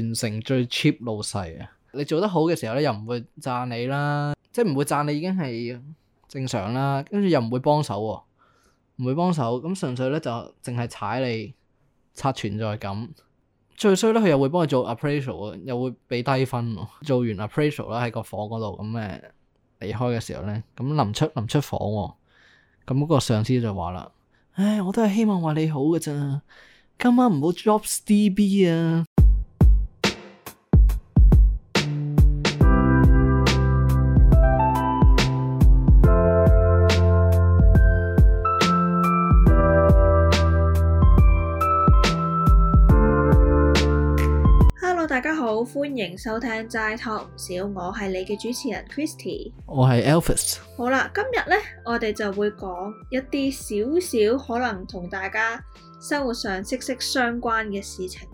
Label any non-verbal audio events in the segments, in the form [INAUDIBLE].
全城最 cheap 老細啊！你做得好嘅時候咧，又唔會贊你啦，即係唔會贊你已經係正常啦。跟住又唔會幫手喎，唔會幫手咁，純粹咧就淨係踩你，刷存在感。最衰咧，佢又會幫你做 appraisal，又會俾低分。做完 appraisal 啦，喺個房嗰度咁誒離開嘅時候咧，咁臨出臨出房喎，咁嗰個上司就話啦，唉，我都係希望話你好㗎咋，今晚唔好 drop D B 啊！收聽齋 talk 唔少，我係你嘅主持人 Christy，我係 Elvis。好啦，今日咧我哋就會講一啲少少可能同大家生活上息息相關嘅事情。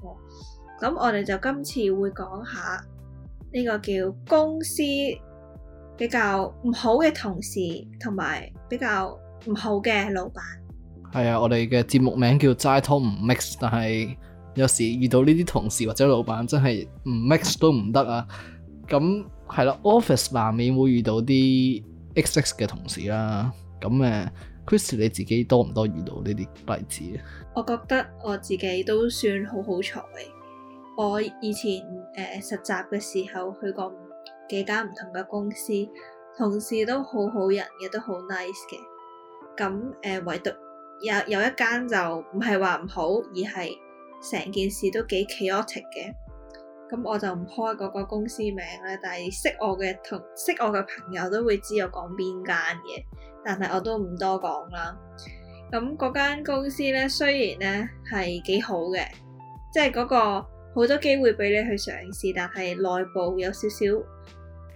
咁我哋就今次會講下呢個叫公司比較唔好嘅同事，同埋比較唔好嘅老闆。係啊，我哋嘅節目名叫齋 talk 唔 mix，但係。有時遇到呢啲同事或者老闆真係唔 mix 都唔得啊！咁係啦，office 難免會遇到啲 XX 嘅同事啦、啊。咁誒 Chris 你自己多唔多遇到呢啲例子啊？我覺得我自己都算好好彩。我以前誒、呃、實習嘅時候去過幾間唔同嘅公司，同事都好好人亦都好 nice 嘅。咁誒、呃，唯獨有有一間就唔係話唔好，而係～成件事都幾 chaotic 嘅，咁我就唔開嗰個公司名咧，但係識我嘅同識我嘅朋友都會知我講邊間嘢，但係我都唔多講啦。咁嗰間公司咧，雖然咧係幾好嘅，即係嗰個好多機會俾你去嘗試，但係內部有少少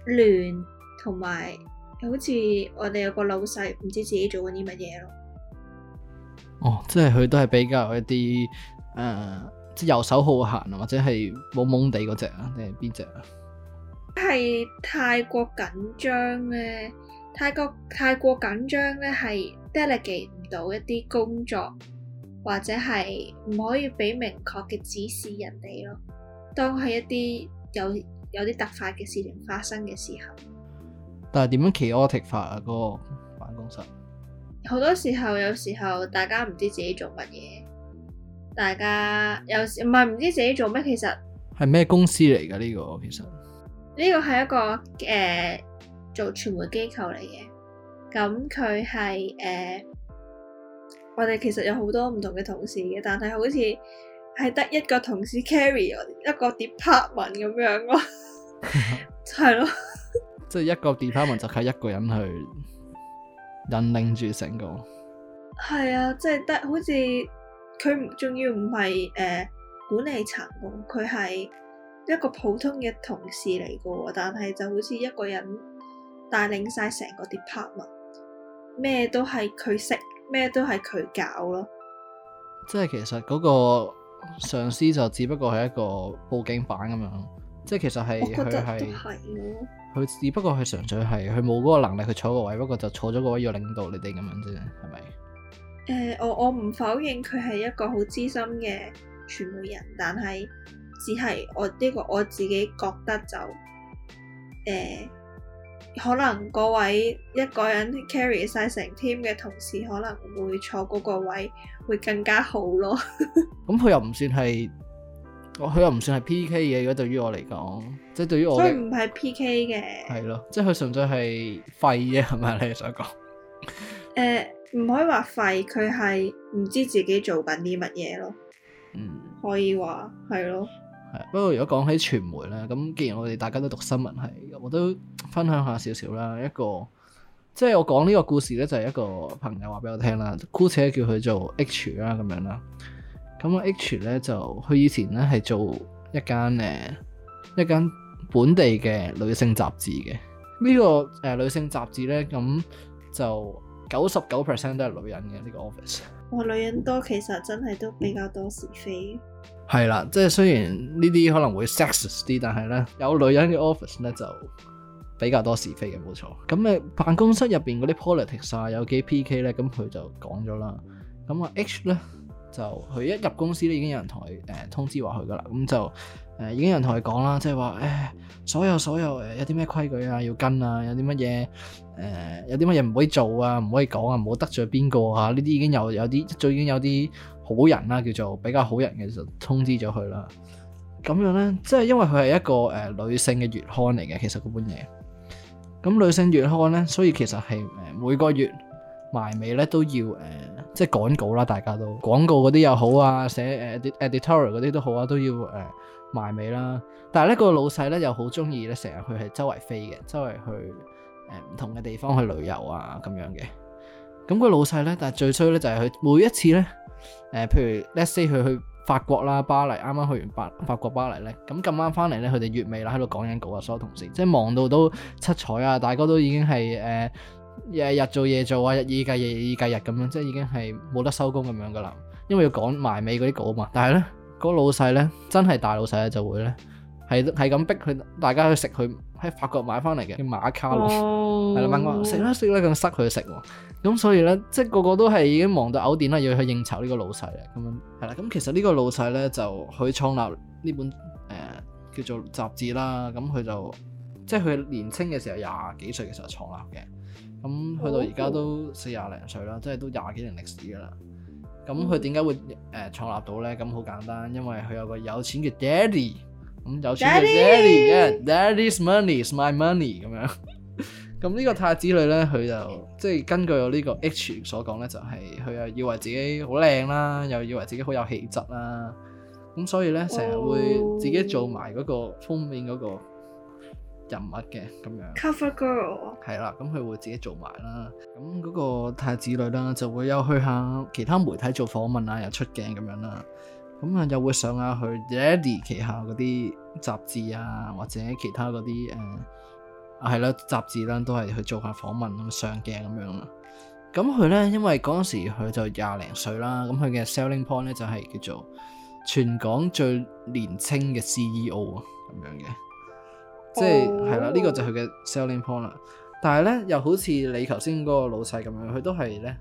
亂，同埋好似我哋有個老細唔知自己做緊啲乜嘢咯。哦，即係佢都係比較一啲。誒，uh, 即遊手好閒啊，或者係懵懵地嗰隻啊？你係邊隻啊？係太過緊張咧，太過太過緊張咧，係 delegate 唔到一啲工作，或者係唔可以俾明確嘅指示人哋咯。當係一啲有有啲突發嘅事情發生嘅時候，但係點樣 chaotic 化啊？嗰個辦公室好多時候，有時候大家唔知自己做乜嘢。大家有時唔係唔知自己做咩，其實係咩公司嚟㗎？呢個其實呢個係一個誒、呃、做傳媒機構嚟嘅，咁佢係誒我哋其實有好多唔同嘅同事嘅，但係好似係得一個同事 carry 一個 department 咁樣咯，係咯，即係一個 department 就係一個人去引領住成個，係 [LAUGHS] 啊，即、就、係、是、得好似。佢仲要唔係誒管理層喎，佢係一個普通嘅同事嚟嘅喎，但係就好似一個人帶領晒成個 department，咩都係佢識，咩都係佢搞咯。即係其實嗰個上司就只不過係一個佈景板咁樣，即係其實係佢係佢只不過係純粹係佢冇嗰個能力去坐個位，不過就坐咗個位要領導你哋咁樣啫，係咪？誒，我我唔否認佢係一個好資深嘅傳媒人，但係只係我呢個我自己覺得就誒、呃，可能嗰位一個人 carry 晒成 team 嘅同事，可能會坐嗰個位會更加好咯 [LAUGHS] 。咁佢又唔算係，佢又唔算係 PK 嘅。如果對於我嚟講，即係對於我，佢唔係 PK 嘅，係咯，即係佢純粹係廢嘅，係咪你想講？誒、呃。唔可以話廢，佢係唔知自己做緊啲乜嘢咯。嗯，可以話係咯。係不過如果講起傳媒咧，咁既然我哋大家都讀新聞系，我都分享下少少啦。一個即係我講呢個故事咧，就係、是、一個朋友話俾我聽啦。姑且叫佢做 H 啦，咁樣啦。咁啊 H 咧就佢以前咧係做一間誒一間本地嘅女性雜誌嘅。呢、這個誒女性雜誌咧咁就。九十九 percent 都係女人嘅呢個 office，我女人多其實真係都比較多是非。係啦，即係雖然呢啲可能會 sex 啲，但係咧有女人嘅 office 咧就比較多是非嘅，冇錯。咁啊，辦公室入邊嗰啲 politics 啊，有幾 PK 咧，咁佢就講咗啦。咁啊，H 咧就佢一入公司咧已經有人同佢誒通知話佢噶啦，咁就。誒已經有人同佢講啦，即係話誒所有所有誒有啲咩規矩啊要跟啊，有啲乜嘢誒有啲乜嘢唔可以做啊，唔可以講啊，唔好得罪邊個啊，呢啲已經有有啲早已經有啲好人啦、啊，叫做比較好人嘅就通知咗佢啦。咁樣咧，即係因為佢係一個誒、呃、女性嘅月刊嚟嘅，其實本嘢。咁、呃、女性月刊咧，所以其實係誒每個月埋尾咧都要誒、呃、即係廣告啦，大家都廣告嗰啲又好啊，寫 editorial 嗰啲都好啊，都要誒。呃呃埋尾啦，但係咧、個老細咧又好中意咧成日去係周圍飛嘅，周圍去誒唔、嗯、同嘅地方去旅遊啊咁樣嘅。咁、個老細咧，但係最衰咧就係佢每一次咧誒、呃，譬如 let’s say 佢去法國啦，巴黎，啱啱去完法法國巴黎咧，咁咁啱翻嚟咧，佢哋月尾啦，喺度講緊稿啊，所有同事即係忙到都七彩啊，大家都已經係誒日日做夜做啊，日以繼日，日以繼日咁樣，即係已經係冇得收工咁樣噶啦，因為要講埋尾嗰啲稿啊嘛。但係咧。嗰老細咧，真係大老細咧，就會咧，係係咁逼佢，大家去食佢喺法國買翻嚟嘅叫馬卡龍，係啦、oh. [LAUGHS] 問我食啦食啦咁塞佢食喎，咁所以咧，即係個個都係已經忙到嘔點啦，要去應酬呢個老細啦，咁樣係啦，咁其實呢個老細咧就佢創立呢本誒、呃、叫做雜誌啦，咁佢就即係佢年青嘅時候廿幾歲嘅時候創立嘅，咁去到而家都四廿零歲啦，即係都廿幾年歷史噶啦。咁佢點解會誒創立到咧？咁好簡單，因為佢有個有錢嘅 daddy，咁有錢嘅 daddy，daddy's 爸、yeah, money is my money 咁樣。咁 [LAUGHS] 呢個太子女咧，佢就即係、就是、根據我呢個 H 所講咧，就係、是、佢又以為自己好靚啦，又以為自己好有氣質啦。咁所以咧，成日會自己做埋嗰個封面嗰個。人物嘅咁樣 cover girl 係啦，咁佢會自己做埋啦。咁嗰個太子女啦，就會有去下其他媒體做訪問啊，又出鏡咁樣啦。咁啊，又會上下去 Ready 旗下嗰啲雜誌啊，或者其他嗰啲誒係啦雜誌啦，都係去做下訪問咁上鏡咁樣啦。咁佢咧，因為嗰陣時佢就廿零歲啦，咁佢嘅 selling point 咧就係叫做全港最年青嘅 CEO 啊咁樣嘅，即係。Oh. 係啦，呢、呢個就係佢嘅 selling point 啦。但係咧，又好似你頭先嗰個老細咁樣，佢都係咧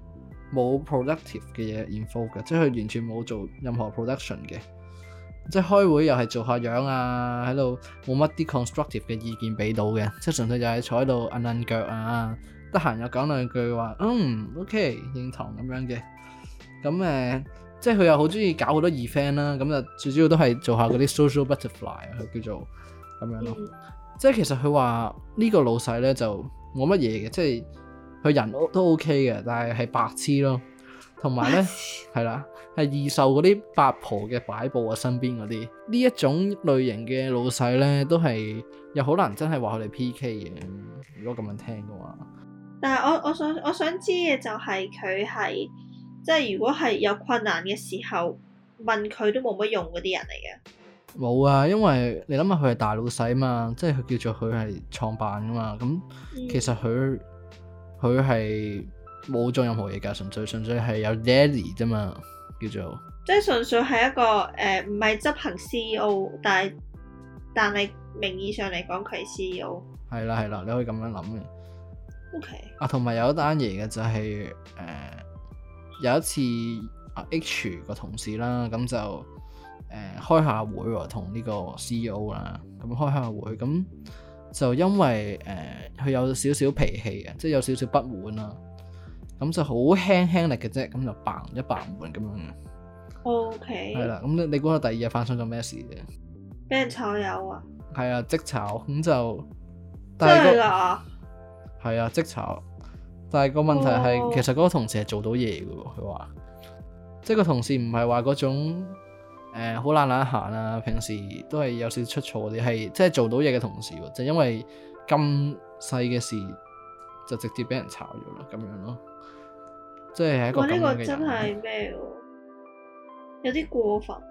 冇 productive 嘅嘢 info 嘅，即係佢完全冇做任何 production 嘅。即係開會又係做下樣啊，喺度冇乜啲 constructive 嘅意見俾到嘅，即係純粹就係坐喺度摁摁腳啊。得閒又講兩句話，嗯，OK，認同咁樣嘅。咁、嗯、誒，即係佢又好中意搞好多 event 啦、啊。咁就最主要都係做下嗰啲 social butterfly 啊，叫做咁樣咯。即係其實佢話呢個老細咧，就冇乜嘢嘅，即係佢人都 OK 嘅，但係係白痴咯，同埋咧，係啦係易受嗰啲八婆嘅擺布啊，身邊嗰啲呢一種類型嘅老細咧都係又好難真係話佢哋 PK 嘅，如果咁樣聽嘅話。但係我我想我想知嘅就係佢係即係如果係有困難嘅時候問佢都冇乜用嗰啲人嚟嘅？冇啊，因為你諗下佢係大老細嘛，即係佢叫做佢係創辦噶嘛，咁其實佢佢係冇做任何嘢噶，純粹純粹係有 Daddy 啫嘛，叫做即係純粹係一個誒，唔係執行 C E O，但係但係名義上嚟講佢係 C E O。係啦係啦，你可以咁樣諗嘅。O K。啊，同埋有一單嘢嘅就係誒有一次啊 H 個同事啦，咁就。誒，開下會同呢個 C E O 啦，咁開下會，咁就因為誒，佢、呃、有少少脾氣嘅，即係有少少不滿啦，咁就好輕輕力嘅啫，咁就砰一砰門咁樣。OK。係啦，咁你估下第二日發生咗咩事啫？咩炒友啊？係啊，即炒咁就。但對啦、那個。係啊，即炒，但係個問題係，oh. 其實嗰個同事係做到嘢嘅，佢話，即係個同事唔係話嗰種。誒，好懶懶閒啊，平時都係有少少出錯啲，係即係做到嘢嘅同時、啊,就因為咁細嘅事就直接俾人炒咗咯，咁樣咯、啊，即係一個咁嘅人。呢、呢個真係咩哦，有啲過分、啊。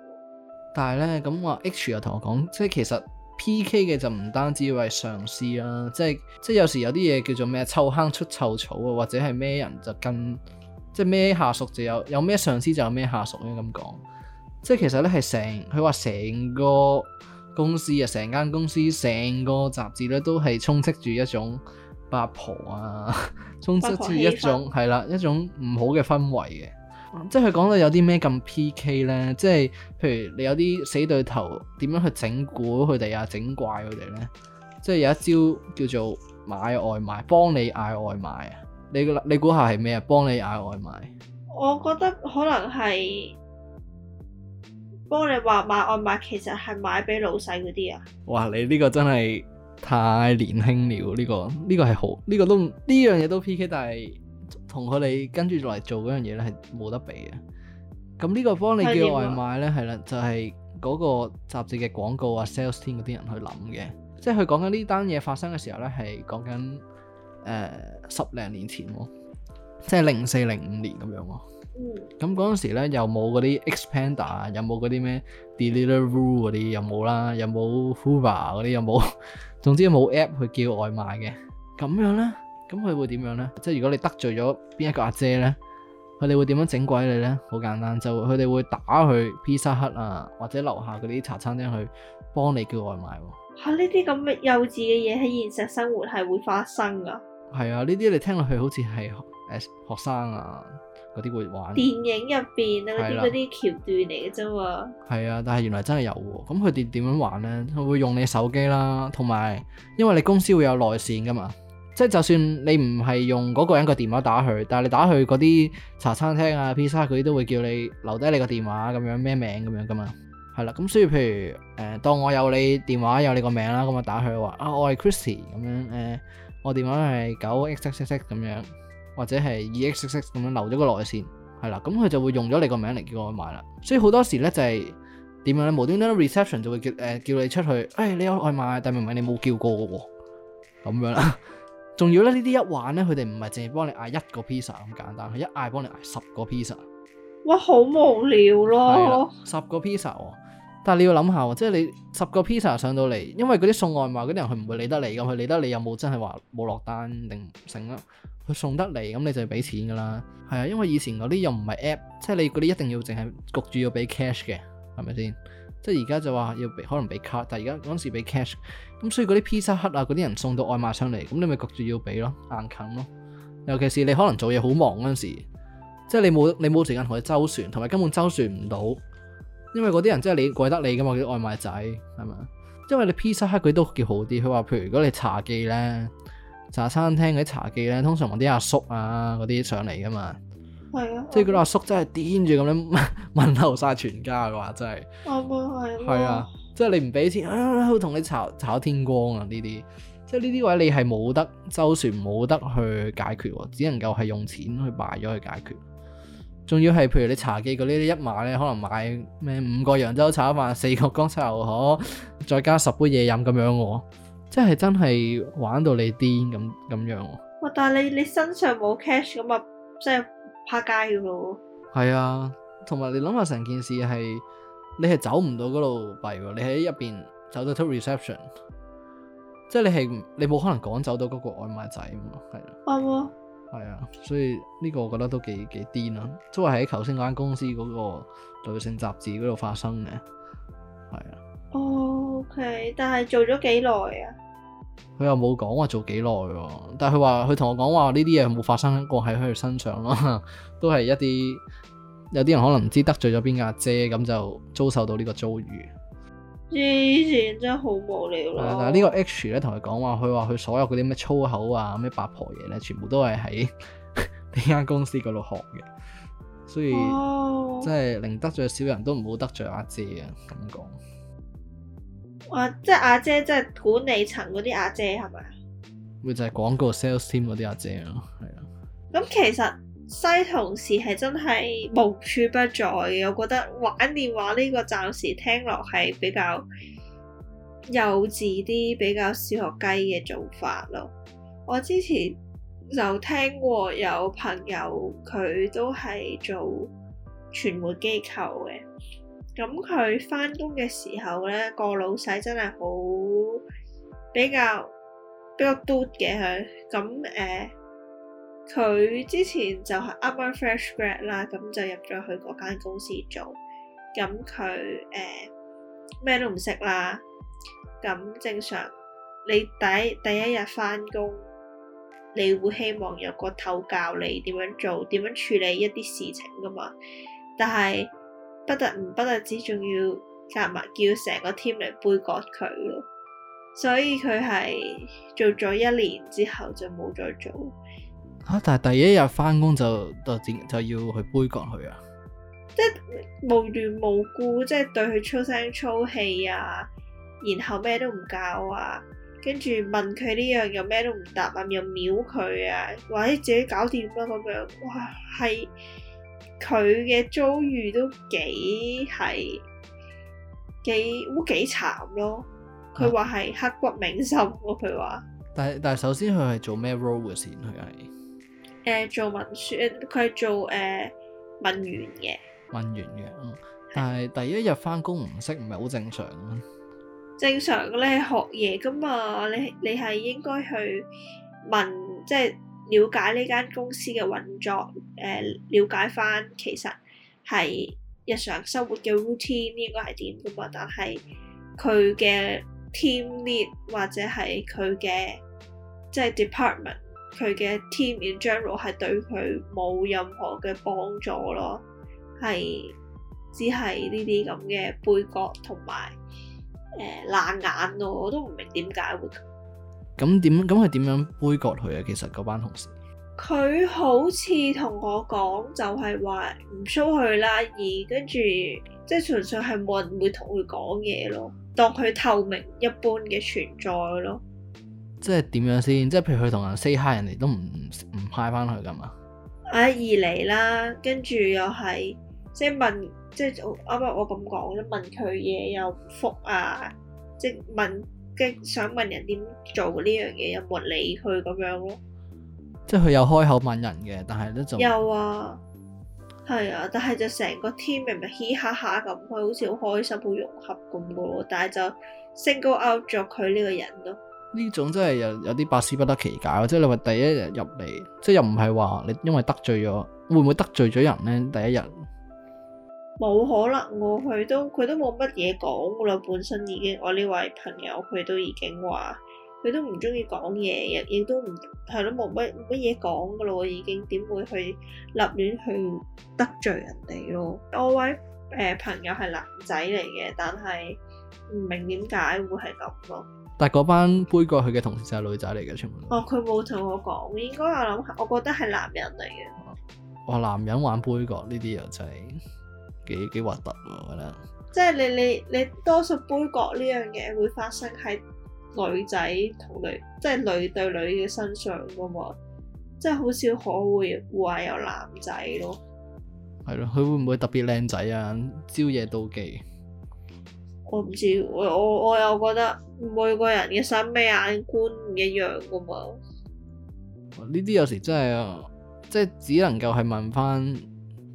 但係咧，咁話 H 又同我講，即係其實 PK 嘅就唔單止為上司啦、啊，即係即係有時有啲嘢叫做咩，臭坑出臭草啊，或者係咩人就跟，即係咩下屬就有有咩上司就有咩下屬咧、啊，咁講。即係其實咧，係成佢話成個公司啊，成間公司，成個雜誌咧，都係充斥住一種八婆啊， [LAUGHS] 充斥住一種係啦，一種唔好嘅氛圍嘅。嗯、即係佢講到有啲咩咁 P.K. 咧，即係譬如你有啲死對頭，點樣去整蠱佢哋啊，整怪佢哋咧？即係有一招叫做買外賣，幫你嗌外賣啊！你你估下係咩啊？幫你嗌外賣，我覺得可能係。幫你話買外賣其實係買俾老細嗰啲啊！哇，你呢個真係太年輕了，呢、這個呢、這個係好呢、這個都呢樣嘢都 PK，但係同佢哋跟住嚟做嗰樣嘢咧係冇得比嘅。咁、這個、呢個幫你叫外賣咧係啦，就係、是、嗰個雜誌嘅廣告啊、sales team 嗰啲人去諗嘅，即係佢講緊呢單嘢發生嘅時候咧係講緊誒十零年前喎，即係零四零五年咁樣喎。咁嗰陣時咧，又冇嗰啲 expander，又冇嗰啲咩 Deliveroo 啊，啲，又冇啦，又冇 Hoover 嗰啲，又冇。總之冇 app 去叫外賣嘅，咁樣咧，咁佢會點樣咧？即係如果你得罪咗邊一個阿姐咧，佢哋會點樣整鬼你咧？好簡單，就佢哋會打去 Pizza Hut 啊，或者樓下嗰啲茶餐廳去幫你叫外賣。吓、啊，呢啲咁嘅幼稚嘅嘢喺現實生活係會發生噶？係啊，呢啲你聽落去好似係。學生啊，嗰啲會玩電影入邊啊，嗰啲嗰啲橋段嚟嘅啫嘛。係啊，但係原來真係有喎。咁佢哋點樣玩呢？佢會用你手機啦，同埋因為你公司會有內線噶嘛。即係就算你唔係用嗰個人個電話打佢，但係你打去嗰啲茶餐廳啊、披薩嗰、啊、啲都會叫你留低你個電話咁樣，咩名咁樣噶嘛。係啦，咁所以譬如誒、呃，當我有你電話有你個名啦，咁我打佢話啊，我係 Christy 咁樣誒、呃，我電話係九 x x x 咁樣。或者係 exxx 咁樣留咗個內線，係啦，咁佢就會用咗你個名嚟叫外賣啦。所以好多時咧就係點樣咧，無端端 reception 就會叫誒、呃、叫你出去，誒、哎、你有外賣，但明明你冇叫過嘅喎，咁樣啦。仲要咧呢啲一玩咧，佢哋唔係淨係幫你嗌一個 pizza 咁簡單，佢一嗌幫你嗌十個 pizza。哇，好無聊咯！十個 pizza 喎。但係你要諗下喎，即係你十個 pizza 上到嚟，因為嗰啲送外賣嗰啲人佢唔會理得你㗎，佢理得你又有冇真係話冇落單定成啦，佢送得嚟咁你就要俾錢㗎啦。係啊，因為以前嗰啲又唔係 app，即係你嗰啲一定要淨係焗住要俾 cash 嘅，係咪先？即係而家就話要可能俾 card，但係而家嗰陣時俾 cash，咁所以嗰啲 pizza 黑啊嗰啲人送到外賣上嚟，咁你咪焗住要畀咯，硬啃咯。尤其是你可能做嘢好忙嗰陣時，即係你冇你冇時間同佢周旋，同埋根本周旋唔到。因為嗰啲人真係你怪得你噶嘛，叫外賣仔係嘛？因為你 Pizza Hut 佢都叫好啲，佢話譬如如果你茶記咧、茶餐廳嗰啲茶記咧，通常揾啲阿叔啊嗰啲上嚟噶嘛。係啊，即係嗰啲阿叔真係癲住咁樣問候晒全家嘅話，真係。咁啊係。係啊，啊，即係你唔俾錢，啊，佢同你炒炒天光啊呢啲，即係呢啲位你係冇得周旋，冇得去解決喎，只能夠係用錢去買咗去解決。仲要係譬如你茶記嗰啲一晚咧，可能買咩五個揚州炒飯、四個江西牛河，再加十杯嘢飲咁樣喎，即係真係玩到你癲咁咁樣喎、哦。但係你你身上冇 cash 咁啊，即係趴街噶咯。係啊，同埋你諗下成件事係你係走唔到嗰度弊喎，你喺入邊走到到 reception，即係你係你冇可能趕走到嗰個外賣仔嘛，係啦、啊。哇、哦！係啊，所以呢個我覺得都幾幾癲咯，都係喺頭先嗰間公司嗰個女性雜誌嗰度發生嘅，係、oh, okay. 啊。O K，但係做咗幾耐啊？佢又冇講話做幾耐喎，但係佢話佢同我講話呢啲嘢冇發生過喺佢身上咯、啊，都係一啲有啲人可能唔知得罪咗邊個阿姐，咁就遭受到呢個遭遇。之前真係好無聊咯。嗱、嗯，呢個 H 咧，同佢講話，佢話佢所有嗰啲咩粗口啊、咩八婆嘢咧，全部都係喺呢間公司嗰度學嘅，所以即係寧得罪小人都唔好得罪阿姐啊。咁講，哇，即係阿，阿姐，即係管理層嗰啲阿姐係咪啊？咪就係廣告 sales team 嗰啲阿姐咯，係啊。咁其實。西同事係真係無處不在嘅，我覺得玩電話呢個暫時聽落係比較幼稚啲、比較小學雞嘅做法咯。我之前就聽過有朋友佢都係做傳媒機構嘅，咁佢翻工嘅時候呢，個老細真係好比較比較篤嘅佢，咁誒。佢之前就係啱啱 fresh grad 啦，咁就入咗去嗰間公司做。咁佢，誒，咩都唔識啦。咁正常你第一第一日翻工，你會希望有個頭教你點樣做，點樣處理一啲事情噶嘛？但係不得唔不得止，仲要夾埋叫成個 team 嚟杯葛佢咯。所以佢係做咗一年之後就冇再做。啊！但係第一日返工就就就要去杯葛佢啊！即係無緣無故，即係對佢粗聲粗氣啊，然後咩都唔教啊，跟住問佢呢樣又咩都唔答啊，又秒佢啊，或者自己搞掂啦咁樣，哇！係佢嘅遭遇都幾係幾烏幾慘咯！佢話係刻骨銘心咯、啊，佢話、啊説。但係但係，首先佢係做咩 role 嘅先？ [LAUGHS] 佢係。誒、呃、做文書，佢係做誒文員嘅文員嘅，但係第一日翻工唔識，唔係好正常咯。正常嘅你學嘢噶嘛，你你係應該去問，即係了解呢間公司嘅運作，誒、呃、了解翻其實係日常生活嘅 routine 應該係點噶嘛，但係佢嘅 team lead 或者係佢嘅即係 department。佢嘅 team in general 係對佢冇任何嘅幫助咯，係只係呢啲咁嘅杯葛同埋誒爛眼咯，我都唔明點解會咁，點咁係點樣杯葛佢啊？其實嗰班同事佢好似同我講，就係話唔 show 佢啦，而跟住即係純粹係冇人會同佢講嘢咯，當佢透明一般嘅存在咯。即係點樣先？即係譬如佢同人 say hi，人哋都唔唔派翻佢噶嘛？啊二嚟啦，跟住又係即係問，即係我啱啱我咁講咧，問佢嘢又唔覆啊，即係問即想問人點做呢樣嘢，又冇理佢咁樣咯。即係佢有開口問人嘅，但係咧就有啊，係啊，但係就成個 team 明明嘻哈哈咁，佢好似好開心、好融合咁嘅喎，但係就 single out 咗佢呢個人咯。呢種真係有有啲百思不得其解，即係你話第一日入嚟，即係又唔係話你因為得罪咗，會唔會得罪咗人咧？第一日冇可能，我去都佢都冇乜嘢講噶啦，本身已經我呢位朋友佢都已經都話佢都唔中意講嘢，亦都唔係咯，冇乜乜嘢講噶啦，我已經點會去立亂去得罪人哋咯？我位誒朋友係男仔嚟嘅，但係唔明點解會係咁咯。但係嗰班杯葛佢嘅同事就係女仔嚟嘅，全部。哦，佢冇同我講，應該我諗，我覺得係男人嚟嘅。哦，男人玩杯葛呢啲又真係幾核突喎，我覺得。即係你你你多數杯葛呢樣嘢會發生喺女仔同女，即係女對女嘅身上噶嘛，即係好少可會話有男仔咯。係咯，佢會唔會特別靚仔啊？朝夜妒忌。我唔知，我我我又覺得每個人嘅審美眼光唔一樣噶嘛。呢啲有時真係啊，即係只能夠係問返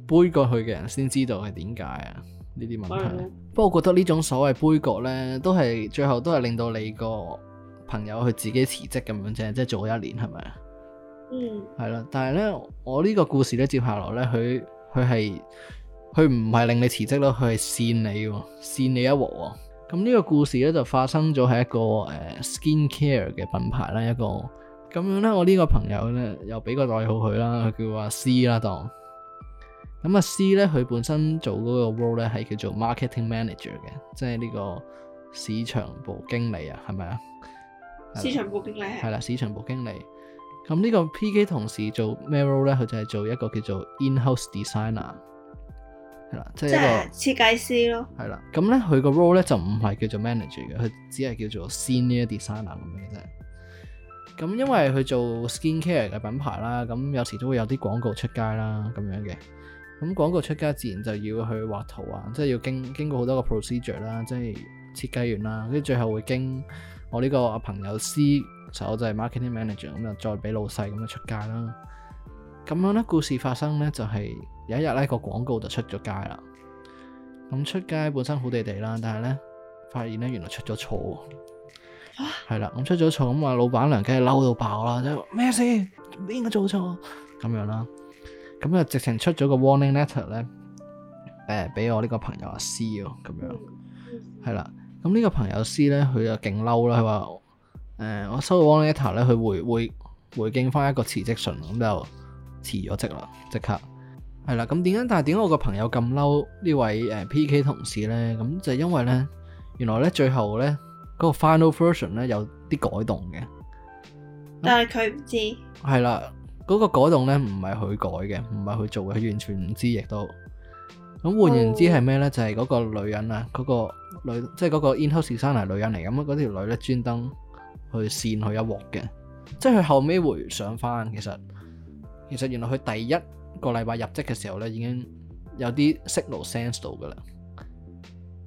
杯葛過去嘅人先知道係點解啊呢啲問題。的不過我覺得呢種所謂杯葛呢，都係最後都係令到你個朋友佢自己辭職咁樣啫，即係做一年係咪？是是嗯，係啦。但係呢，我呢個故事呢，接下來呢，佢佢係。佢唔係令你辭職咯，佢係跣你喎，跣你一鑊喎。咁呢個故事咧就發生咗，係一個誒、呃、skin care 嘅品牌啦。一個咁樣咧。我呢個朋友咧又俾個代號佢啦，佢叫阿 C 啦當咁阿 C 咧，佢本身做嗰個 role 咧係叫做 marketing manager 嘅，即係呢個市場部經理啊，係咪啊？市場部經理係啦，市場部經理咁呢個 PK 同事做咩 role 咧？佢就係做一個叫做 in-house designer。係啦，即係一個設計師咯。係啦，咁咧佢個 role 咧就唔係叫做 manager 嘅，佢只係叫做 senior designer 咁樣嘅啫。咁因為佢做 skincare 嘅品牌啦，咁有時都會有啲廣告出街啦，咁樣嘅。咁廣告出街自然就要去畫圖啊，即係要經經過好多個 procedure 啦，即係設計完啦，跟住最後會經我呢個朋友 C 手就係 marketing manager，咁就再俾老細咁就出街啦。咁樣咧，故事發生咧就係有一日咧，個廣告就出咗街啦。咁出街本身好地地啦，但係咧發現咧原來出咗錯，係啦。咁出咗錯咁啊，老闆娘梗係嬲到爆啦，就咩事邊個做錯咁樣啦？咁啊，直情出咗個 warning letter 咧，誒，俾我呢個朋友阿 C 咁樣，係啦。咁呢個朋友 C 咧，佢就勁嬲啦，佢話誒，我收到 warning letter 咧，佢回回回敬翻一個辭職信咁就。辭咗職啦，即刻係啦。咁點解？但係點解我個朋友咁嬲呢位誒 P.K. 同事呢？咁就因為呢，原來呢最後呢嗰、那個 final version 呢有啲改動嘅，嗯、但係佢唔知。係啦，嗰、那個改動呢唔係佢改嘅，唔係佢做嘅，佢完全唔知亦都。咁換言之係咩呢？就係、是、嗰個女人啊，嗰、那個女即係嗰個 interviewer 生嚟女人嚟，咁嗰條女呢專登去扇佢一鑊嘅，即係佢後尾回想返，其實。其實原來佢第一個禮拜入職嘅時候咧，已經有啲 signal sense 到嘅啦，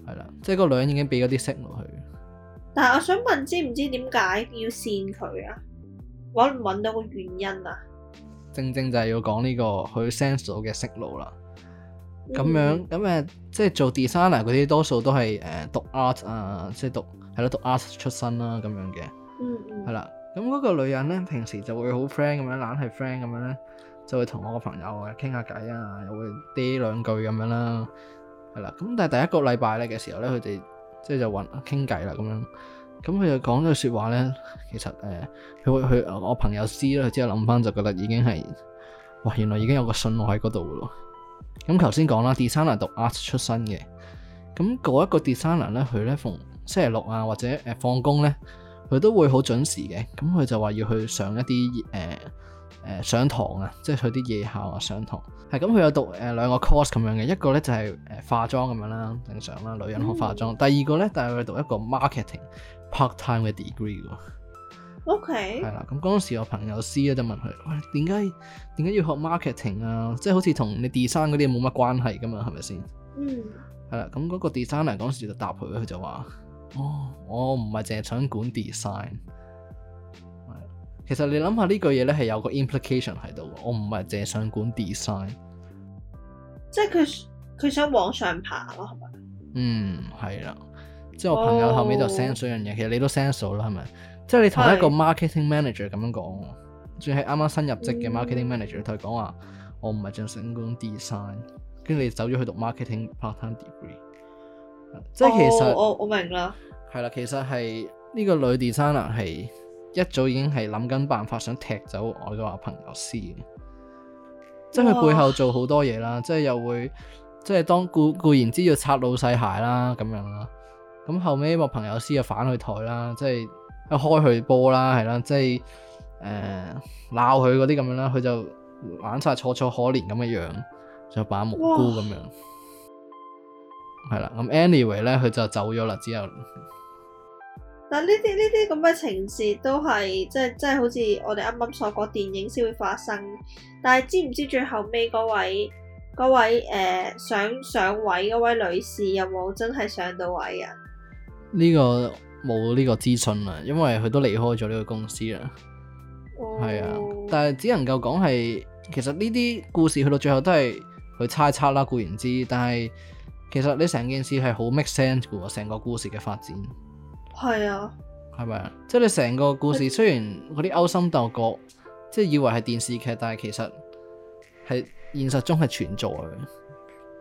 係啦，即係個女人已經俾咗啲 signal 佢。但係我想問，知唔知點解要扇佢啊？揾唔揾到個原因啊？正正就係要講呢、呢個佢 sense 到嘅 signal 啦。咁樣咁誒、mm hmm.，即係做 designer 嗰啲多數都係誒讀 art 啊，即係讀係咯讀 art 出身啦咁樣嘅，係啦、mm。Hmm. 咁嗰個女人咧，平時就會好 friend 咁樣，懶係 friend 咁樣咧，就會同我個朋友啊傾下偈啊，又會嗲兩句咁樣啦，係啦。咁但係第一個禮拜咧嘅時候咧，佢哋即係就揾傾偈啦咁樣。咁佢就講咗句説話咧，其實誒，佢會去我朋友知啦，之後諗翻就覺得已經係哇，原來已經有個信號喺嗰度嘅喎。咁頭先講啦，designer 讀 art 出身嘅。咁嗰一個 designer 咧，佢咧逢星期六啊或者誒放工咧。呃佢都會好準時嘅，咁佢就話要去上一啲誒誒上堂啊，即係去啲夜校啊上堂。係咁，佢有讀誒兩、呃、個 course 咁樣嘅，一個咧就係誒化妝咁樣啦，正常啦，女人學化妝。嗯、第二個咧，但係佢讀一個 marketing part time 嘅 degree 喎。OK。係啦，咁嗰陣時我朋友 C 啊就問佢：喂，點解點解要學 marketing 啊？即係好似同你 design 嗰啲冇乜關係噶嘛？係咪先？嗯。係啦，咁嗰個 designer 嗰陣時就答佢，佢就話。哦，我唔係淨係想管 design，其實你諗下呢句嘢咧，係有個 implication 喺度。我唔係淨係想管 design，即係佢佢想往上爬咯，係咪？嗯，係啦。即係我朋友後屘就 sense 咗樣嘢，哦、其實你都 sense 咗到啦，係咪？即係你同一個 marketing manager 咁樣講，仲係啱啱新入職嘅 marketing manager，同佢講話，我唔係淨係想管 design，跟住你走咗去讀 marketing part time degree。即係其實、哦、我我明啦，係啦，其實係呢個女 designer 啦，係一早已經係諗緊辦法想踢走我個朋友師，哇即係佢背後做好多嘢啦，即係又會即係當固固然之要拆老細鞋啦咁樣啦，咁後尾個朋友師又反去台啦，即係一開佢波啦，係啦，即係誒鬧佢嗰啲咁樣啦，佢、呃、就玩晒楚楚可憐咁嘅樣，就扮無辜咁樣。係啦，咁 anyway 咧，佢就走咗啦。之後，但呢啲呢啲咁嘅情節都係即係即係，好似我哋啱啱所講電影先會發生。但係知唔知最後尾嗰位嗰位誒想、呃、上、上位嗰位女士有冇真係上到位啊？呢個冇呢個資訊啦，因為佢都離開咗呢個公司啦。係啊、oh，但係只能夠講係其實呢啲故事去到最後都係去猜測啦，固然之，但係。其實你成件事係好 make sense 嘅，成個故事嘅發展係啊係咪啊？即係你成個故事是雖然嗰啲勾心鬥角，即係以為係電視劇，但係其實係現實中係存在，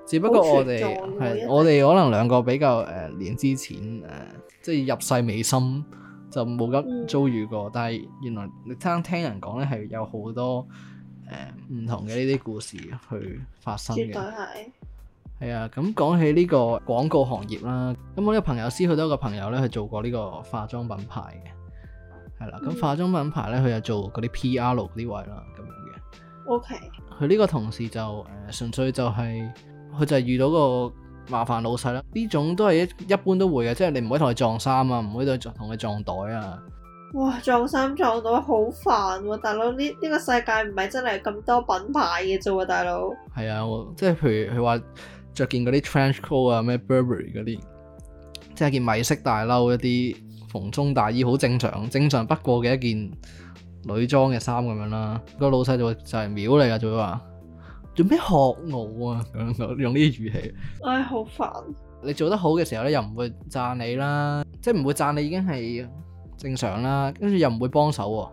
只不過我哋係我哋可能兩個比較誒、呃、年資淺，誒、呃，即係入世未深，就冇咁遭遇過。嗯、但係原來你聽聽人講咧，係有好多誒唔同嘅呢啲故事去發生嘅。係啊，咁講起呢個廣告行業啦，咁我呢個朋友先，好多有個朋友咧，係做過呢個化妝品牌嘅，係啦，咁化妝品牌咧，佢又做嗰啲 P R 嗰啲位啦，咁樣嘅。O K。佢呢個同事就誒，純、呃、粹就係、是、佢就係遇到個麻煩老細啦，呢種都係一一般都會嘅，即係你唔可以同佢撞衫啊，唔可以同佢撞袋啊。哇，撞衫撞袋好煩喎，啊，大佬呢，呢個世界唔係真係咁多品牌嘅啫喎，大佬。係啊，即係譬如佢話。着件嗰啲 trench coat 啊，咩 Burberry 嗰啲，即係件米色大褸，一啲蓬鬆大衣，好正常，正常不過嘅一件女裝嘅衫咁樣啦。個老細就就係秒你噶，就會話做咩學我啊咁樣講，用呢啲語氣。唉、哎，好煩。你做得好嘅時候咧，又唔會讚你啦，即係唔會讚你已經係正常啦。跟住又唔會幫手，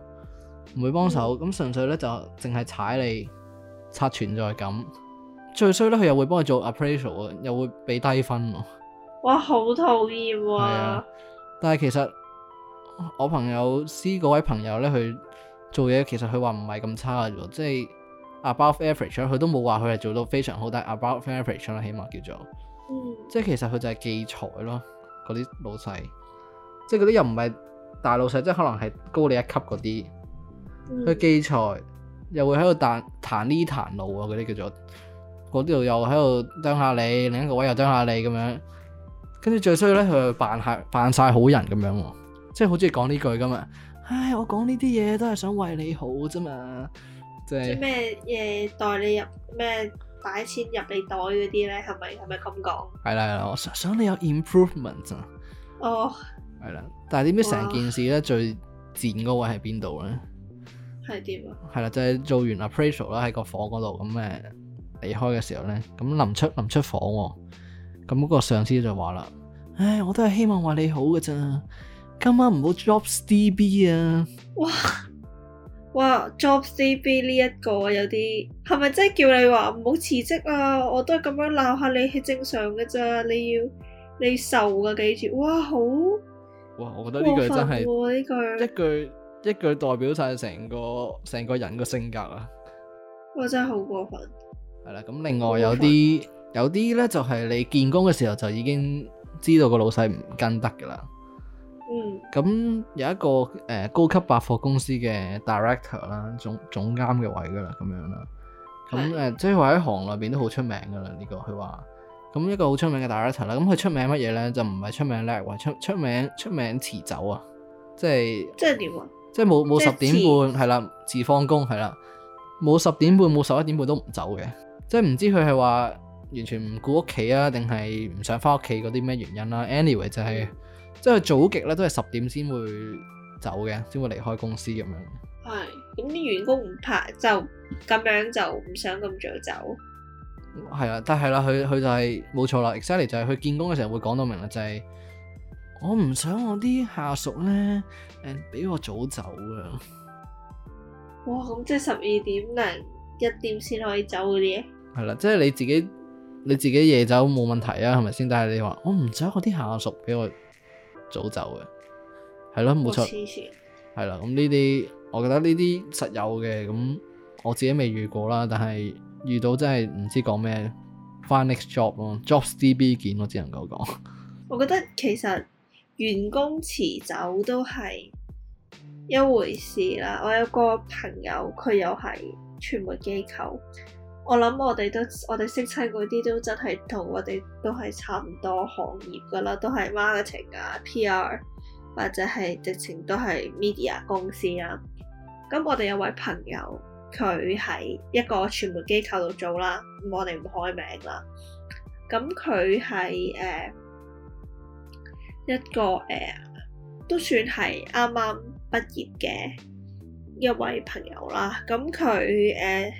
唔會幫手，咁、嗯、純粹咧就淨係踩你，刷存在感。最衰咧，佢又會幫我做 appraisal 又會俾低分喎。哇，好討厭喎、啊！但係其實我朋友 C 嗰位朋友咧，佢做嘢其實佢話唔係咁差嘅喎，即係 above average，佢都冇話佢係做到非常好，但係 above average 啦，起碼叫做，嗯、即係其實佢就係忌才咯，嗰啲老細，即係嗰啲又唔係大老細，即係可能係高你一級嗰啲，佢忌才又會喺度彈彈呢彈路啊，嗰啲叫做。嗰啲度又喺度啄下你，另一個位又啄下你咁樣，跟住最衰咧，佢扮下扮曬好人咁樣喎，即係好中意講呢句咁啊！唉，我講呢啲嘢都係想為你好啫嘛，即係咩嘢代你入咩擺錢入你袋嗰啲咧？係咪係咪咁講？係啦係啦，我想想你有 improvement、oh，啊，哦，係啦，但係點知成件事咧最賤個位喺邊度咧？係點啊？係啦，就係、是、做完 appraisal 啦，喺個房嗰度咁誒。離開嘅時候咧，咁臨出臨出房，咁嗰個上司就話啦：，唉，我都係希望話你好嘅啫，今晚唔好 Drop CB 啊！哇哇，Drop CB 呢一個有啲係咪真係叫你話唔好辭職啊？我都係咁樣鬧下你係正常嘅咋，你要你受噶記住，哇好哇，我覺得呢句真係呢句一句一句代表晒成個成個人個性格啊！哇，真係好過分。係啦，咁另外有啲、嗯、有啲咧，就係你見工嘅時候就已經知道個老細唔跟得㗎啦。嗯，咁有一個誒、呃、高級百貨公司嘅 director 啦，總總監嘅位㗎啦，咁樣啦，咁誒即係喺行內面都好出名㗎啦。呢、這個佢話咁一個好出名嘅 director 啦，咁佢出名乜嘢咧？就唔係出名叻，話出出名出名遲走啊，即係即係點啊？即係冇冇十點半係啦，遲放是工係啦，冇十點半冇十一點半都唔走嘅。即係唔知佢係話完全唔顧屋企啊，定係唔想返屋企嗰啲咩原因啦？Anyway 就係即係早極咧，都係十點先會走嘅，先會離開公司咁樣。係、啊，咁啲員工唔怕，就咁樣就唔想咁早走。係、嗯、啊，但係、就是、啦，佢佢就係冇錯啦，exactly 就係佢見工嘅時候會講到明啦，就係、是、我唔想我啲下屬咧誒俾我早走啊！」哇，咁即係十二點零一點先可以走嗰啲。係啦，即係 [MUSIC] 你自己，你自己夜走冇問題啊，係咪先？但係你話、哦、我唔想我啲下屬俾我早走嘅，係咯，冇 [NOISE] 錯樂。係啦，咁呢啲，我覺得呢啲實有嘅，咁我自己未遇過啦，但係遇到真係唔知講咩，find next job 咯、啊、JobsDB 件我只能夠講。 [MUSIC] [MUSIC] 我覺得其實員工遲走都係一回事啦。我有個朋友，佢又係傳媒機構。我諗我哋都我哋識親嗰啲都真係同我哋都係差唔多行業噶啦，都係 marketing 啊、PR 或者係直情都係 media 公司啦。咁我哋有位朋友，佢喺一個傳媒機構度做啦，咁我哋唔開名啦。咁佢係誒一個誒、呃、都算係啱啱畢業嘅一位朋友啦。咁佢誒。呃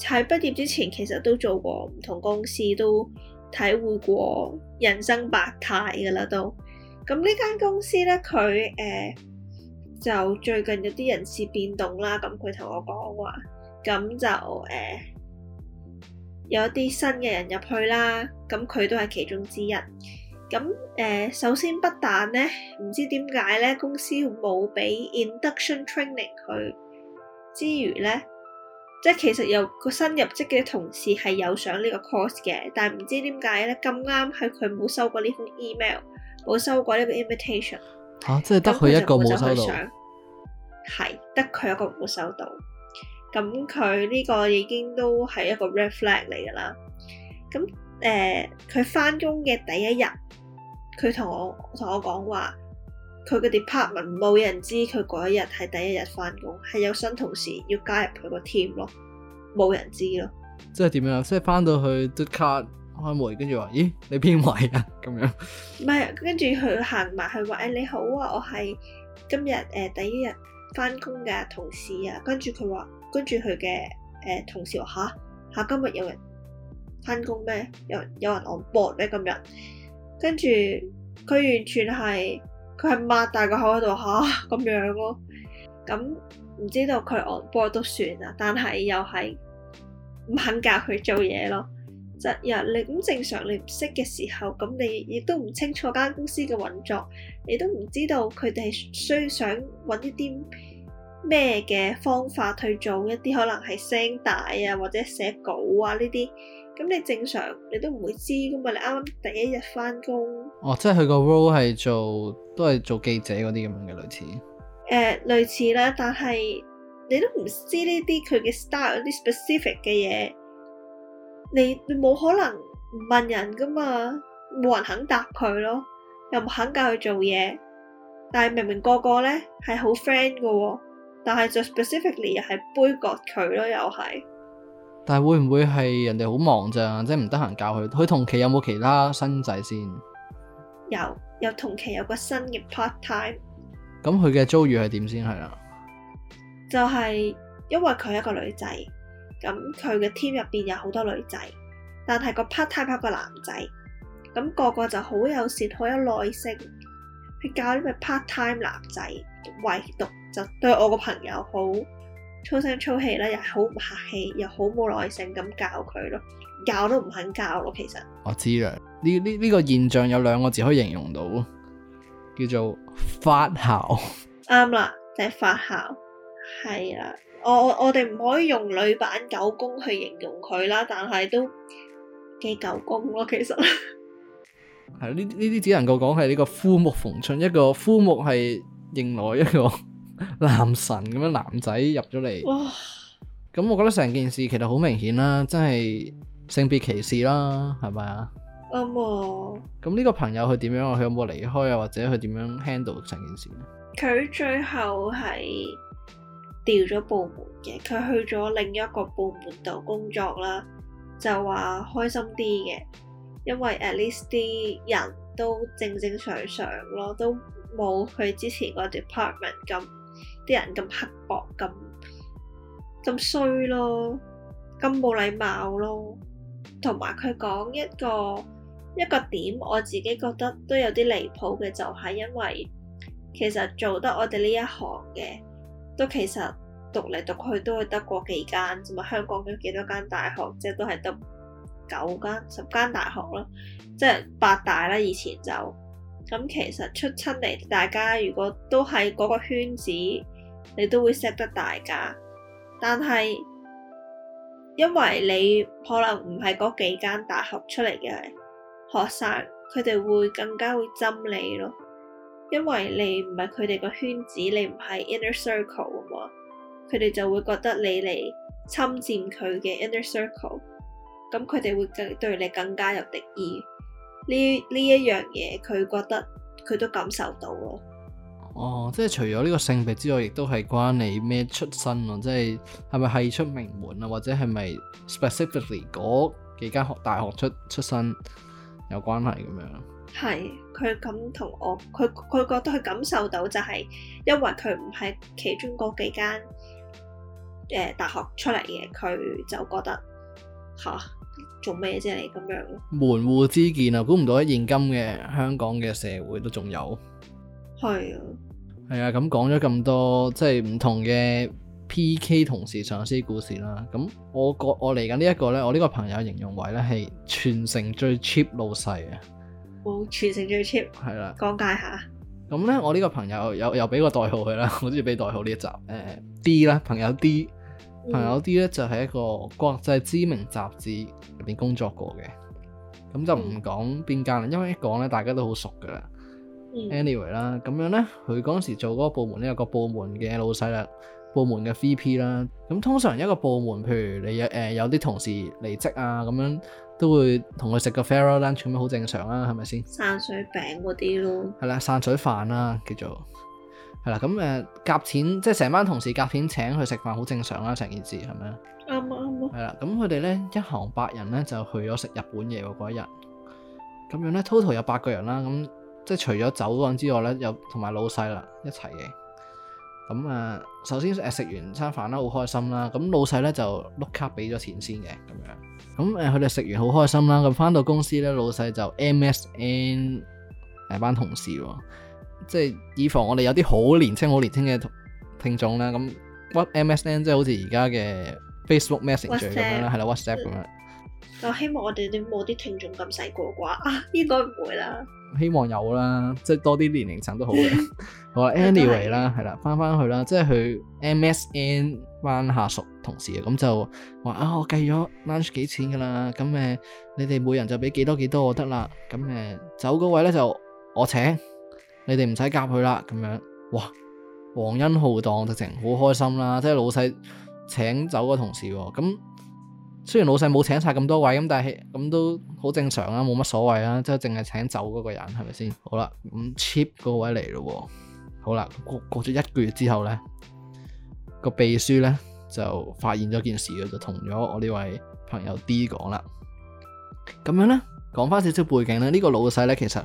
喺畢業之前，其實都做過唔同公司，都體會過人生百態㗎喇。都咁呢間公司咧，佢誒、呃、就最近有啲人事變動啦。咁佢同我講話，咁就誒、呃、有一啲新嘅人入去啦。咁佢都係其中之一。咁誒、呃，首先不但咧，唔知點解咧，公司冇俾 induction training 佢之餘咧。即係其實有個新入職嘅同事係有上呢個 course 嘅，但係唔知點解咧，咁啱係佢冇收過呢封 email，冇收過呢個 invitation。嚇、啊，即係得佢一個冇去上，係得佢一個冇收到。咁佢呢個已經都係一個 red flag 嚟㗎啦。咁誒，佢翻工嘅第一日，佢同我同我講話。佢嘅 department 冇人知，佢嗰一日係第一日返工，係有新同事要加入佢個 team 咯，冇人知咯。即係點樣啊？即係翻到去嘟卡開門，跟住話咦，你邊位啊？咁樣，唔係。跟住佢行埋去話誒，你好啊，我係今日誒、呃、第一日返工嘅同事啊。跟住佢話跟住佢嘅誒同事話吓，吓，今日有人返工咩？有有人按 board 咩？今日跟住佢完全係。佢係擘大個口喺度嚇咁樣，啊、咁樣咯，咁唔知道佢 onboard 都算啦，但係又係唔肯教佢做嘢咯。即係你咁正常，你唔識嘅時候，咁你亦都唔清楚間公司嘅運作，你都唔知道佢哋需想揾一啲咩嘅方法去做一啲可能係聲帶啊，或者寫稿啊呢啲。咁你正常，你都唔會知噶嘛？你啱啱第一日返工哦，即係佢個 role 係做都係做記者嗰啲咁樣嘅，類似誒、呃、類似啦。但係你都唔知呢啲佢嘅 style 有啲 specific 嘅嘢，你你冇可能唔問人噶嘛？冇人肯答佢咯，又唔肯教佢做嘢。但係明明個個咧係好 friend 噶，但係就 specifically 又係杯葛佢咯又，又係。但係會唔會係人哋好忙咋？即係唔得閒教佢。佢同期有冇其他新仔先？有，又同期有個新嘅 part time。咁佢嘅遭遇係點先係啊？就係因為佢一個女仔，咁佢嘅 team 入邊有好多女仔，但係個 part time 係個男仔，咁、那個個就好有善，好有耐性，去教呢個 part time 男仔，唯獨就對我個朋友好。粗聲粗氣咧，又好唔客氣，又好冇耐性咁教佢咯，教都唔肯教咯。其實我知啦，呢呢呢個現象有兩個字可以形容到，叫做發姣。啱啦，就係發姣。係啦，我我我哋唔可以用女版狗公去形容佢啦，但係都幾狗公咯，其實。係啊，呢呢啲只能夠講係呢個枯木逢春，一個枯木係迎來一個。男神咁樣男仔入咗嚟，哇，咁我覺得成件事其實好明顯啦，真係性別歧視啦，係咪啊？啱、嗯，咁呢個朋友佢點樣啊？佢有冇離開啊？或者佢點樣 handle 成件事？佢最後係調咗部門嘅，佢去咗另一個部門度工作啦，就話開心啲嘅，因為 at least 啲人都正正常常咯，都冇佢之前個 department 咁。啲人咁刻薄，咁咁衰咯，咁冇禮貌咯。同埋佢講一個一個點，我自己覺得都有啲離譜嘅，就係因為其實做得我哋呢一行嘅，都其實讀嚟讀去都係得過幾間，同埋香港嘅幾多間大學，即係都係得九間十間大學啦，即係八大啦。以前就咁，其實出親嚟，大家如果都係嗰個圈子。你都會識得大家，但係因為你可能唔係嗰幾間大學出嚟嘅學生，佢哋會更加會針你咯。因為你唔係佢哋個圈子，你唔係 inner circle 啊嘛，佢哋就會覺得你嚟侵占佢嘅 inner circle，咁佢哋會更對你更加有敵意。呢呢一樣嘢，佢覺得佢都感受到咯。哦，即係除咗呢個性別之外，亦都係關你咩出身咯，即係係咪係出名門啊，或者係咪 specifically 嗰幾間大學出出身有關係咁樣？係，佢咁同我，佢佢覺得佢感受到就係，因為佢唔係其中嗰幾間、呃、大學出嚟嘅，佢就覺得吓，做咩啫你咁樣？門戶之見啊，估唔到喺現今嘅香港嘅社會都仲有。係啊。係啊，咁講咗咁多，即係唔同嘅 PK 同事上司故事啦。咁我覺我嚟緊呢一個呢，我呢個朋友形容為呢係全城最 cheap 老細啊。哦，全城最 cheap 的。係啦，講解下。咁呢，我呢個朋友又又俾個代號佢啦，我知俾代號呢一集。誒、呃、，D 啦，朋友 D，朋友 D 呢、嗯、就係一個國際知名雜誌入邊工作過嘅。咁就唔講邊間啦，嗯、因為一講呢大家都好熟噶啦。Anyway 啦，咁樣咧，佢嗰陣時做嗰個部門咧，有個部門嘅老細啦，部門嘅 VP 啦、啊，咁通常一個部門，譬如你、呃、有誒有啲同事離職啊，咁樣都會同佢食個 farewell lunch 咁樣，好正常啊，係咪先？散水餅嗰啲咯。係啦，散水飯啦、啊，叫做係啦。咁 [LAUGHS] 誒、啊、夾錢，即係成班同事夾錢請佢食飯，好正常啦，成件事係咪？啱啊啱啊。係啦，咁佢哋咧一行八人咧就去咗食日本嘢喎嗰一日，咁樣咧 total 有八個人啦，咁。即係除咗走嗰陣之外咧，又同埋老細啦一齊嘅。咁啊、呃，首先誒食完餐飯啦，好開心啦。咁老細咧就碌卡俾咗錢先嘅，咁樣。咁誒佢哋食完好開心啦。咁返到公司咧，老細就 M S N 誒班同事喎。即係以防我哋有啲好年輕、好年輕嘅聽眾啦。咁 What M S N 即係好似而家嘅 Facebook Messenger 咁樣啦，係啦，WhatsApp 咁樣。我希望我哋啲冇啲聽眾咁細個啩啊，應該唔會啦。希望有啦，即係多啲年齡層都好嘅。好啦，anyway 啦，係啦，翻翻去啦，即係佢 MSN 班下屬同事啊，咁就話啊，我計咗 lunch 幾錢㗎啦，咁誒你哋每人就畀幾多幾多我得啦，咁誒走嗰位咧就我請，你哋唔使夾佢啦，咁樣哇，皇恩浩蕩直情好開心啦，即係老細請走個同事喎，咁。雖然老細冇請晒咁多位，咁但係咁都好正常啊，冇乜所謂啊，即係淨係請走嗰個人係咪先？好啦，咁 cheap 個位嚟咯喎，好啦，過過咗一個月之後咧，個秘書咧就發現咗件事，佢就同咗我呢位朋友 D 講啦。咁樣咧，講翻少少背景咧，呢、呢個老細咧其實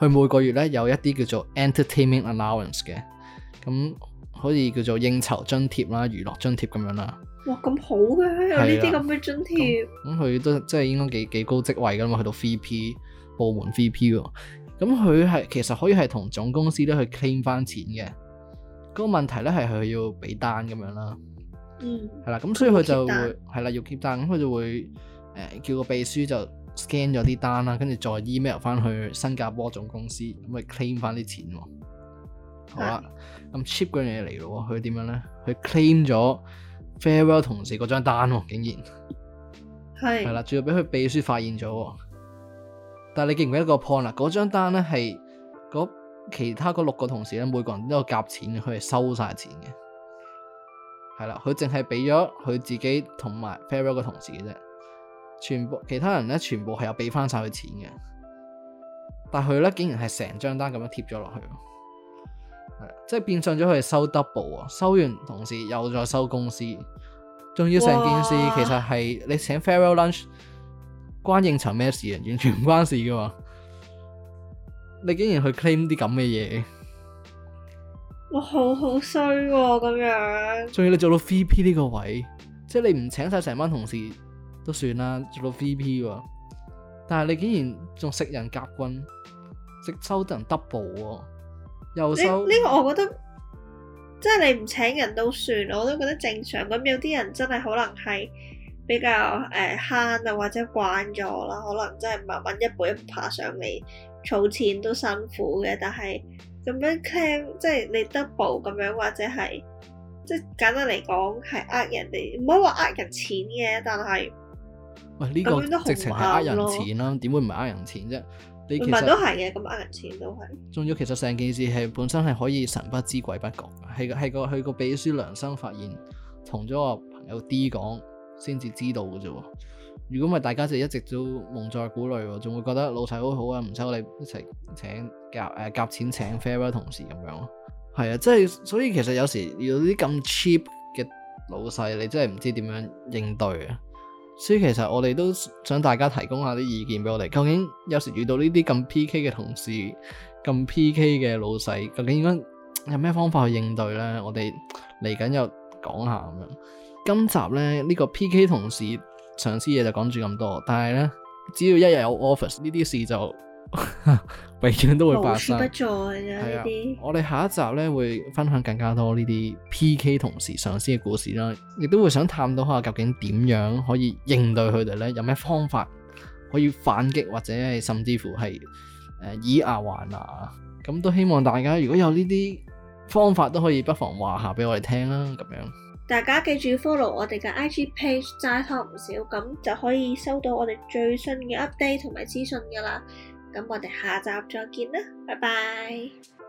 佢每個月咧有一啲叫做 entertainment allowance 嘅，咁可以叫做應酬津貼啦、娛樂津貼咁樣啦。哇！咁好嘅，呢啲咁嘅津貼咁，佢都即係應該幾幾高職位噶嘛。去到 VP 部門 VP 喎，咁佢係其實可以係同總公司咧去 claim 翻錢嘅。嗰、那個問題咧係佢要俾單咁樣啦，嗯，係啦，咁所以佢就會係啦單要 keep 單咁，佢就會誒、呃、叫個秘書就 scan 咗啲單啦，跟住再 email 翻去新加坡總公司咁咪 claim 翻啲錢喎。好啦、啊，咁 cheap 嘅嘢嚟咯，佢點樣咧？佢 claim 咗。farewell 同事嗰張單喎，竟然係係啦，仲要俾佢秘書發現咗。但係你記唔記得一個 point 啦？嗰張單咧係其他嗰六個同事咧，每個人都有夾錢，佢係收晒錢嘅。係啦，佢淨係俾咗佢自己同埋 farewell 個同事嘅啫。全部其他人咧，全部係有俾翻晒佢錢嘅。但係佢咧，竟然係成張單咁樣貼咗落去。即係變相咗，佢收 double 啊！收完同事又再收公司，仲要成件事其實係你請 farewell lunch，關應酬咩事啊？完全唔關事噶，你竟然去 claim 啲咁嘅嘢，哇！好好衰喎，咁樣。仲要你做到 VP 呢個位，即係你唔請晒成班同事都算啦，做到 VP 喎，但係你竟然仲食人夾棍，食收得人 double 喎。呢呢、這個這個我覺得，即係你唔請人都算，我都覺得正常。咁有啲人真係可能係比較誒慳啊，或者慣咗啦，可能真係慢慢一步一步爬上嚟，儲錢都辛苦嘅。但係咁樣聽，即係你 double 咁樣，或者係即係簡單嚟講，係呃人哋，唔好話呃人錢嘅。但係喂，呢咁樣都好情呃人錢啦，啊，點會唔係呃人錢啫？你其實都係嘅，咁呃人錢都係。仲要其實成件事係本身係可以神不知鬼不覺，係個係個係秘書良心發現，同咗個朋友 D 講先至知道嘅啫。如果唔係，大家就一直都蒙在鼓裏喎，仲會覺得老細好好啊，唔收你一齊請夾誒夾錢請 farewell 同事咁樣。係啊，即係所以其實有時遇到啲咁 cheap 嘅老細，你真係唔知點樣應對啊！所以其實我哋都想大家提供下啲意見俾我哋，究竟有時遇到呢啲咁 P.K. 嘅同事、咁 P.K. 嘅老細，究竟應該有咩方法去應對咧？我哋嚟緊又講下咁樣。今集咧呢、呢個 P.K. 同事上司嘢就講住咁多，但係咧只要一日有 office 呢啲事就～未見 [LAUGHS] 都會發生、啊些啊。我哋下一集咧，會分享更加多呢啲 P. K. 同事上司嘅故事啦，亦都會想探討下究竟點樣可以應對佢哋呢，有咩方法可以反擊或者係甚至乎係、呃、以牙還牙、啊？咁、嗯、都希望大家如果有呢啲方法都可以不妨話下俾我哋聽啦。咁樣大家記住 follow 我哋嘅 I. G. page 齋 talk 唔少，咁就可以收到我哋最新嘅 update 同埋資訊噶啦。咁我哋下集再見啦，拜拜。